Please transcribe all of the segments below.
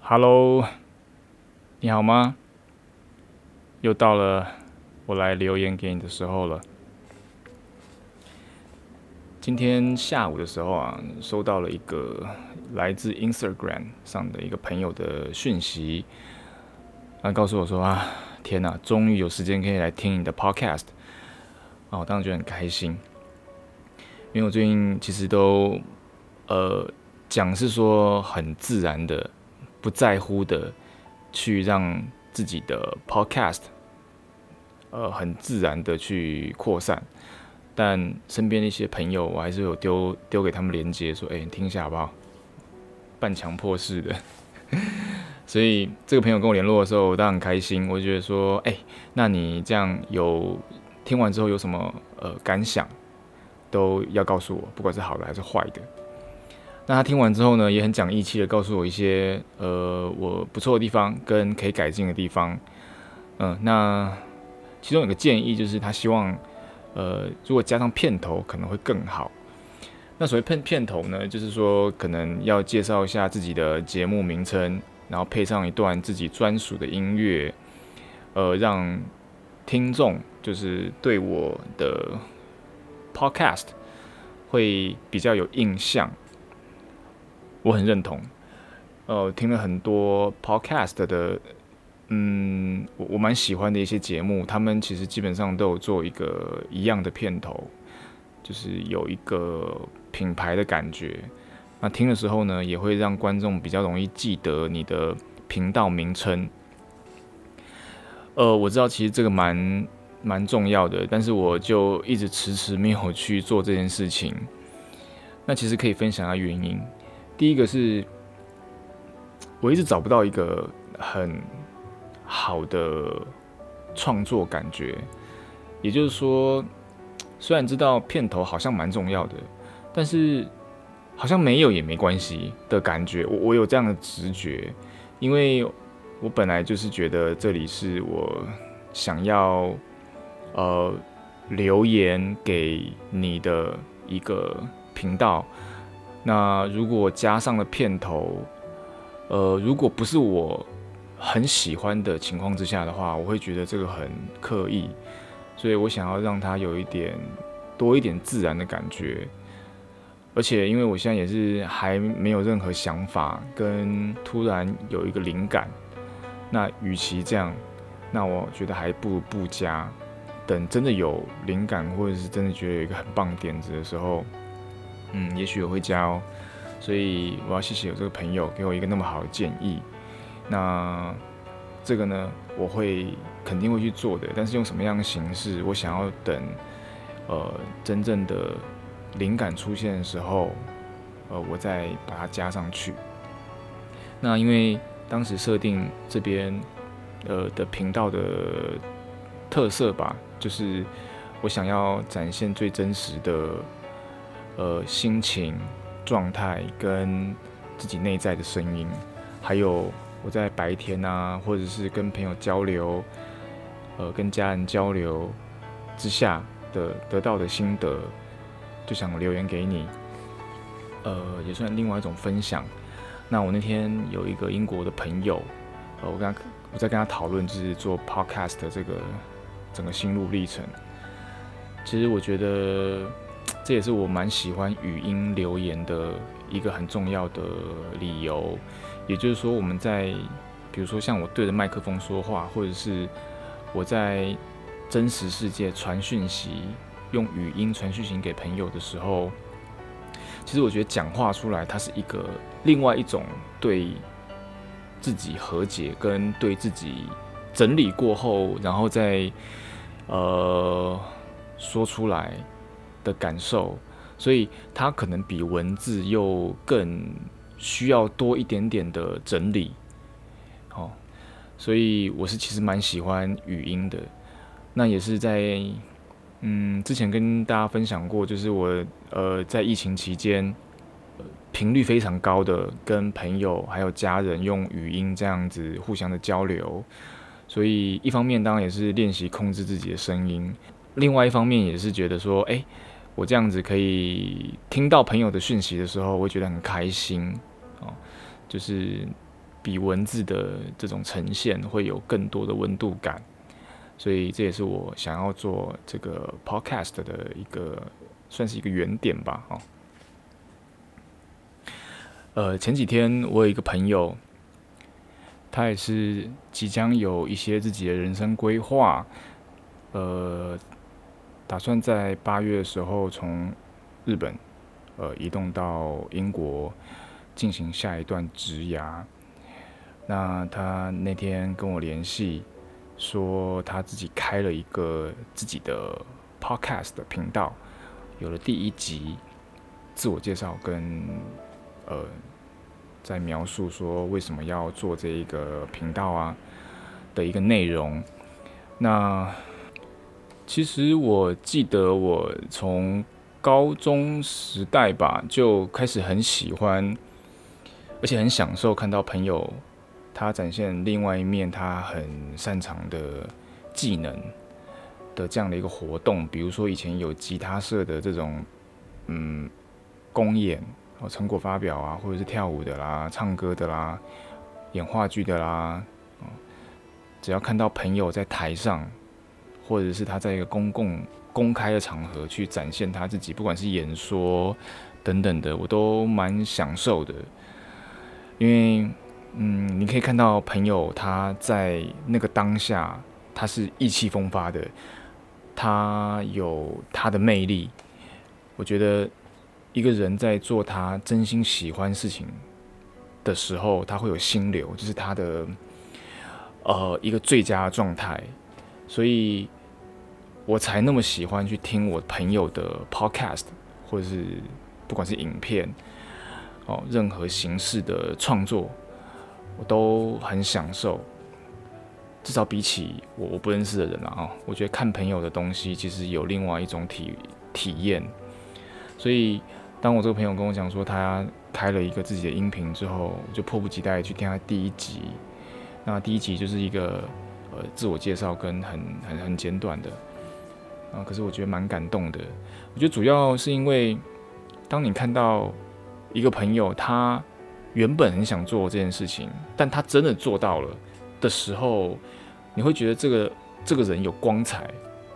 Hello，你好嗎？又到了我來留言給你的時候了。今天下午的時候啊，收到了一個來自 Instagram 上的一個朋友的訊息，他、啊、告訴我說啊，天哪、啊，終於有時間可以來聽你的 Podcast、啊、我當然就很開心，因為我最近其實都呃。講是說很自然的，不在乎的去讓自己的 podcast，呃，很自然的去擴散。但身邊的一些朋友，我還是有丟丟給他們連接，說：“哎、欸，你聽一下好不好？”半強迫式的。 所以這個朋友跟我聯絡的時候，我當然很開心。我覺得說：“哎、欸，那你這樣有聽完之後有什麼呃感想，都要告訴我，不管是好的還是壞的。”那他聽完之後呢，也很講義氣的告訴我一些呃我不錯的地方跟可以改進的地方。嗯、呃，那其中有個建議就是他希望，呃，如果加上片頭可能會更好。那所謂片片頭呢，就是說可能要介紹一下自己的節目名稱，然後配上一段自己專屬的音樂，呃，讓聽眾就是對我的 podcast 會比較有印象。我很認同，呃，聽了很多 Podcast 的，嗯，我我蠻喜歡的一些節目，他們其實基本上都有做一個一樣的片頭，就是有一個品牌的感覺。那聽的時候呢，也會讓觀眾比較容易記得你的頻道名稱。呃，我知道其實這個蠻蠻重要的，但是我就一直遲遲沒有去做這件事情。那其實可以分享下原因。第一個是，我一直找不到一個很好的創作感覺，也就是說，雖然知道片頭好像蠻重要的，但是好像沒有也沒關係的感覺。我我有這樣的直覺，因為我本來就是覺得這裡是我想要呃留言給你的一個頻道。那如果加上了片頭，呃，如果不是我很喜歡的情況之下的話，我會覺得這個很刻意，所以我想要讓它有一點多一點自然的感覺。而且因為我現在也是還沒有任何想法，跟突然有一個靈感，那與其這樣，那我覺得還不如不加。等真的有靈感，或者是真的覺得有一個很棒點子的時候，嗯，也許我會加哦，所以我要謝謝有這個朋友給我一個那麼好的建議。那這個呢，我會肯定會去做的，但是用什麼樣的形式，我想要等呃真正的靈感出現的時候，呃，我再把它加上去。那因為當時設定這邊呃的頻道的特色吧，就是我想要展現最真實的。呃，心情狀態跟自己內在的聲音，還有我在白天啊，或者是跟朋友交流，呃，跟家人交流之下的得到的心得，就想留言給你，呃，也算另外一種分享。那我那天有一個英國的朋友，呃，我跟他，我在跟他討論，就是做 podcast 的這個整個心路歷程。其實我覺得。這也是我蠻喜歡語音留言的一個很重要的理由，也就是說，我們在比如說像我對着麥克風說話，或者是我在真實世界傳訊息，用語音傳訊息給朋友的時候，其實我覺得講話出來，它是一個另外一種對自己和解跟對自己整理過後，然後再呃說出來的感受，所以它可能比文字又更需要多一點點的整理，好、哦，所以我是其實蠻喜歡語音的。那也是在嗯之前跟大家分享過，就是我呃在疫情期間，頻率非常高的跟朋友還有家人用語音這樣子互相的交流，所以一方面當然也是練習控制自己的聲音，另外一方面也是覺得說，誒、欸。我這樣子可以聽到朋友的訊息的時候，我覺得很開心，就是比文字的這種呈現會有更多的溫度感，所以這也是我想要做這個 Podcast 的一個算是一個原點吧。呃，前幾天我有一個朋友，他也是即將有一些自己的人生規劃，呃。打算在八月的時候從日本，呃，移動到英國進行下一段職涯。那他那天跟我聯繫，說他自己開了一個自己的 podcast 頻道，有了第一集，自我介紹跟呃，在描述說為什麼要做這一個頻道啊的一個內容。那。其實我記得，我從高中時代吧就開始很喜歡，而且很享受看到朋友他展現另外一面，他很擅長的技能的這樣的一個活動。比如說以前有吉他社的這種，嗯，公演哦，成果發表啊，或者是跳舞的啦、唱歌的啦、演話劇的啦，啊，只要看到朋友在台上。或者是他在一個公共、公開的場合去展現他自己，不管是演說等等的，我都蠻享受的。因為，嗯，你可以看到朋友他在那個當下，他是意氣風發的，他有他的魅力。我覺得一個人在做他真心喜歡事情的時候，他會有心流，就是他的呃一個最佳狀態。所以。我才那麼喜歡去聽我朋友的 podcast，或者是不管是影片哦，任何形式的創作，我都很享受。至少比起我我不認識的人了啊，我覺得看朋友的東西其實有另外一種體體驗。所以，當我這個朋友跟我講說他開了一個自己的音頻之後，我就迫不及待去聽他第一集。那第一集就是一個呃自我介紹跟很很很簡短的。啊，可是我覺得蠻感動的。我覺得主要是因為，當你看到一個朋友他原本很想做這件事情，但他真的做到了的時候，你會覺得這個這個人有光彩，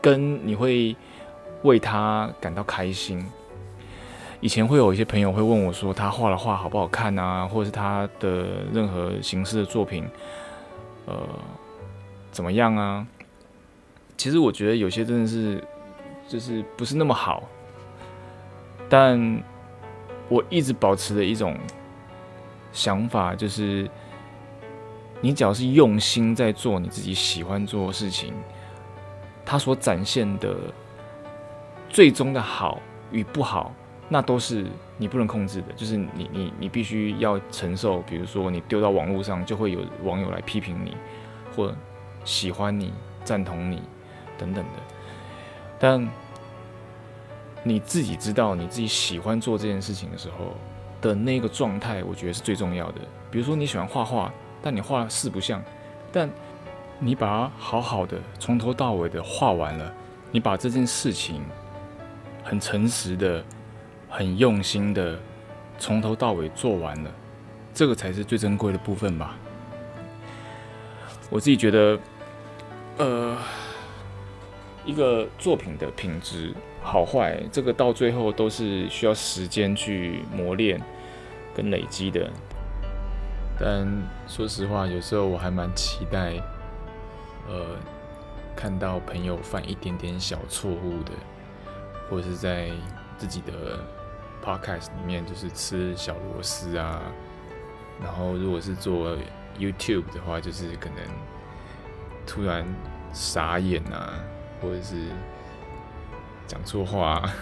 跟你會為他感到開心。以前會有一些朋友會問我說，他畫的畫好不好看啊，或者是他的任何形式的作品，呃，怎麼樣啊？其實我覺得有些真的是，就是不是那麼好，但我一直保持著一種想法就是，你只要是用心在做你自己喜歡做的事情，它所展現的最終的好與不好，那都是你不能控制的。就是你你你必須要承受，比如說你丟到網絡上，就會有網友來批評你，或者喜歡你，贊同你。等等的，但你自己知道你自己喜歡做這件事情的時候的那個狀態，我覺得是最重要的。比如說你喜歡畫畫，但你畫四不像，但你把它好好的從頭到尾的畫完了，你把這件事情很誠實的、很用心的從頭到尾做完了，這個才是最珍貴的部分吧。我自己覺得，呃。一個作品的品質好壞，這個到最後都是需要時間去磨練跟累積的。但說實話，有時候我還蠻期待，呃，看到朋友犯一點點小錯誤的，或者是在自己的 podcast 裡面就是吃小螺絲啊，然後如果是做 YouTube 的話，就是可能突然傻眼啊。或者是講錯話、啊，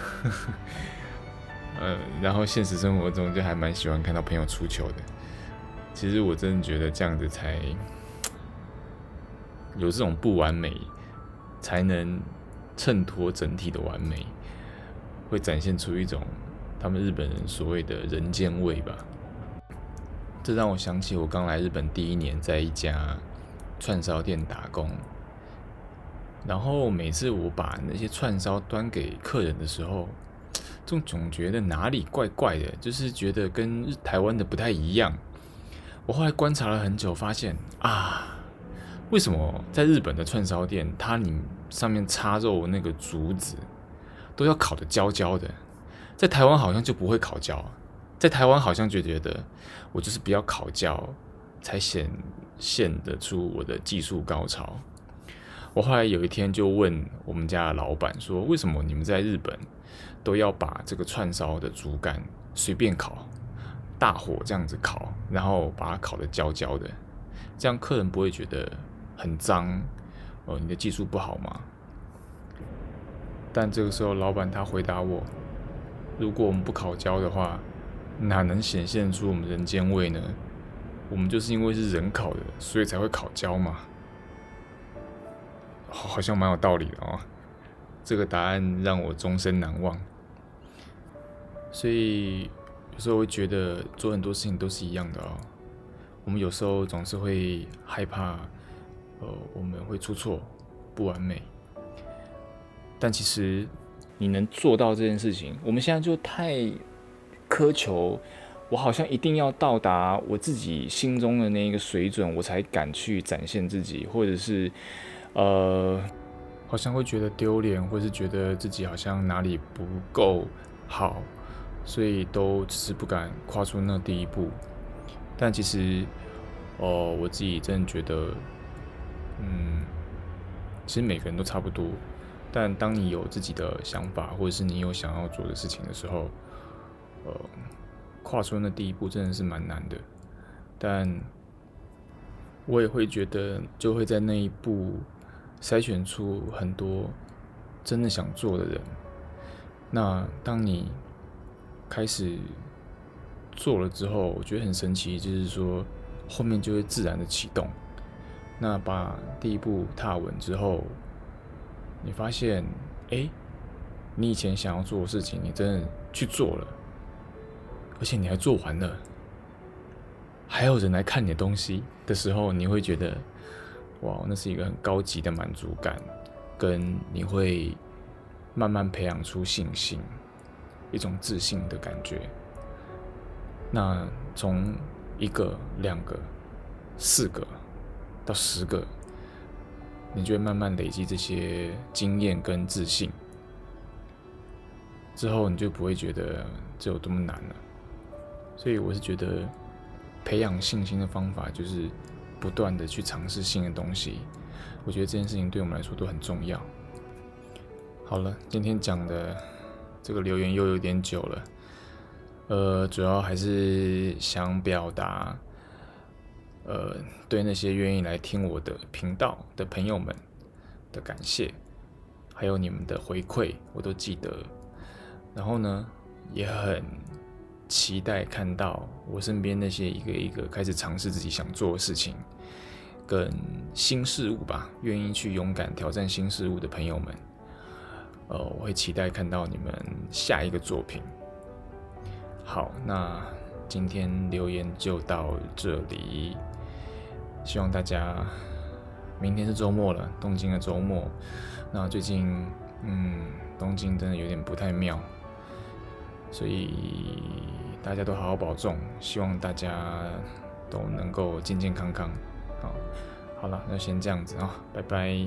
呃、 嗯，然後現實生活中就還蠻喜歡看到朋友出糗的。其實我真的覺得這樣子才有這種不完美，才能襯托整體的完美，會展現出一種他們日本人所謂的人間味吧。這讓我想起我剛來日本第一年，在一家串燒店打工。然後每次我把那些串燒端給客人的時候，總總覺得哪裡怪怪的，就是覺得跟台灣的不太一樣。我後來觀察了很久，發現啊，為什麼在日本的串燒店，它你上面插肉那個竹子都要烤得焦焦的，在台灣好像就不會烤焦，在台灣好像就覺得我就是不要烤焦，才顯顯得出我的技術高超。我後來有一天就問我們家的老闆說：“為什麼你們在日本都要把這個串燒的豬肝隨便烤，大火這樣子烤，然後把它烤得焦焦的，這樣客人不會覺得很髒哦？呃，你的技術不好嗎？”但這個時候老闆他回答我：“如果我們不烤焦的話，哪能顯現出我們人間味呢？我們就是因為是人烤的，所以才會烤焦嘛。”好像蠻有道理的哦，這個答案讓我終身難忘。所以有時候會覺得做很多事情都是一樣的哦。我們有時候總是會害怕，呃，我們會出錯、不完美。但其實你能做到這件事情，我們現在就太苛求。我好像一定要到達我自己心中的那一個水準，我才敢去展現自己，或者是。呃，好像會覺得丟臉，或是覺得自己好像哪裡不夠好，所以都只是不敢跨出那第一步。但其實，哦、呃，我自己真的覺得，嗯，其實每個人都差不多。但當你有自己的想法，或者是你有想要做的事情的時候，呃，跨出那第一步真的是蠻難的。但我也會覺得，就會在那一步。篩選出很多真的想做的人。那當你開始做了之後，我覺得很神奇，就是說後面就會自然的啟動。那把第一步踏穩之後，你發現，哎，你以前想要做的事情，你真的去做了，而且你還做完了，還有人來看你的東西的時候，你會覺得。哇，Wow, 那是一個很高級的滿足感，跟你會慢慢培養出信心，一種自信的感覺。那從一個、兩個、四個到十個，你就會慢慢累積這些經驗跟自信，之後你就不會覺得有這有多麼難了。所以我是覺得，培養信心的方法就是。不斷的去嘗試新的東西，我覺得這件事情對我們來說都很重要。好了，今天講的這個留言又有點久了，呃，主要還是想表達，呃，對那些願意來聽我的頻道的朋友們的感謝，還有你們的回饋，我都記得。然後呢，也很期待看到我身邊那些一個一個開始嘗試自己想做的事情跟新事物吧，願意去勇敢挑戰新事物的朋友們，呃，我會期待看到你們下一個作品。好，那今天留言就到這裡，希望大家明天是周末了，東京的周末。那最近，嗯，東京真的有點不太妙。所以大家都好好保重，希望大家都能夠健健康康。好，好了，那先這樣子啊，哦，拜拜。